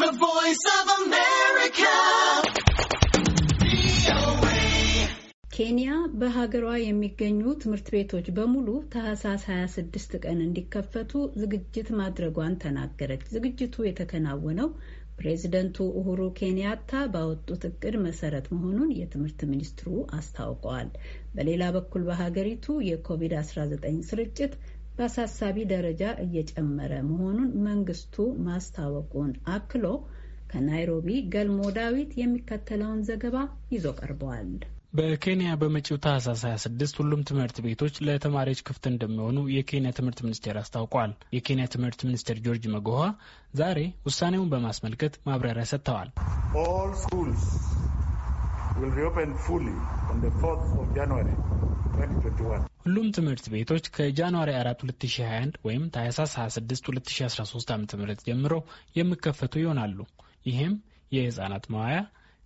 The Voice of America. ኬንያ በሀገሯ የሚገኙ ትምህርት ቤቶች በሙሉ ታህሳስ 26 ቀን እንዲከፈቱ ዝግጅት ማድረጓን ተናገረች። ዝግጅቱ የተከናወነው ፕሬዚደንቱ ኡሁሩ ኬንያታ ባወጡት እቅድ መሰረት መሆኑን የትምህርት ሚኒስትሩ አስታውቀዋል። በሌላ በኩል በሀገሪቱ የኮቪድ-19 ስርጭት በአሳሳቢ ደረጃ እየጨመረ መሆኑን መንግስቱ ማስታወቁን አክሎ ከናይሮቢ ገልሞ ዳዊት የሚከተለውን ዘገባ ይዞ ቀርበዋል። በኬንያ በመጪው ታህሳስ 26 ሁሉም ትምህርት ቤቶች ለተማሪዎች ክፍት እንደሚሆኑ የኬንያ ትምህርት ሚኒስቴር አስታውቋል። የኬንያ ትምህርት ሚኒስትር ጆርጅ መጎሃ ዛሬ ውሳኔውን በማስመልከት ማብራሪያ ሰጥተዋል። ሁሉም ትምህርት ቤቶች ከጃንዋሪ 4 2021 ወይም ታህሳስ 26 2013 ዓ ም ጀምሮ የሚከፈቱ ይሆናሉ። ይህም የህጻናት መዋያ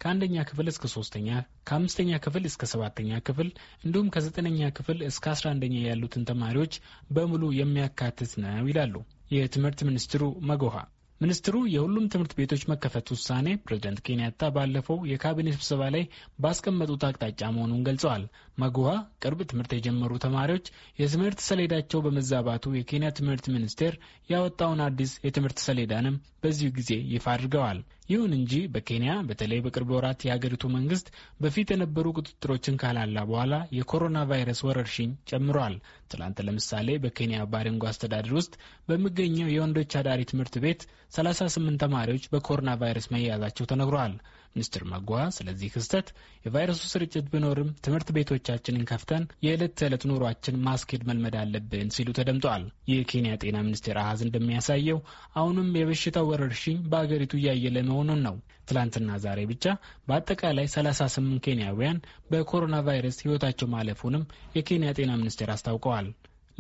ከአንደኛ ክፍል እስከ ሶስተኛ ከአምስተኛ ክፍል እስከ ሰባተኛ ክፍል እንዲሁም ከዘጠነኛ ክፍል እስከ አስራ አንደኛ ያሉትን ተማሪዎች በሙሉ የሚያካትት ነው ይላሉ የትምህርት ሚኒስትሩ መጎሃ ሚኒስትሩ የሁሉም ትምህርት ቤቶች መከፈት ውሳኔ ፕሬዚደንት ኬንያታ ባለፈው የካቢኔ ስብሰባ ላይ ባስቀመጡት አቅጣጫ መሆኑን ገልጸዋል። መጉሃ ቅርብ ትምህርት የጀመሩ ተማሪዎች የትምህርት ሰሌዳቸው በመዛባቱ የኬንያ ትምህርት ሚኒስቴር ያወጣውን አዲስ የትምህርት ሰሌዳንም በዚሁ ጊዜ ይፋ አድርገዋል። ይሁን እንጂ በኬንያ በተለይ በቅርብ ወራት የሀገሪቱ መንግስት በፊት የነበሩ ቁጥጥሮችን ካላላ በኋላ የኮሮና ቫይረስ ወረርሽኝ ጨምሯል። ትላንት ለምሳሌ በኬንያ ባሪንጎ አስተዳደር ውስጥ በሚገኘው የወንዶች አዳሪ ትምህርት ቤት 38 ተማሪዎች በኮሮና ቫይረስ መያዛቸው ተነግሯል። ሚስትር መጓ ስለዚህ ክስተት የቫይረሱ ስርጭት ቢኖርም ትምህርት ቤቶቻችንን ከፍተን የዕለት ተዕለት ኑሯችን ማስኬድ መልመድ አለብን ሲሉ ተደምጠዋል። የኬንያ ጤና ሚኒስቴር አሃዝ እንደሚያሳየው አሁንም የበሽታው ወረርሽኝ በአገሪቱ እያየለ መሆኑን ነው። ትላንትና ዛሬ ብቻ በአጠቃላይ 38 ኬንያውያን በኮሮና ቫይረስ ህይወታቸው ማለፉንም የኬንያ ጤና ሚኒስቴር አስታውቀዋል።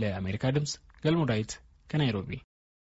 ለአሜሪካ ድምፅ ገልሞ ከናይሮቢ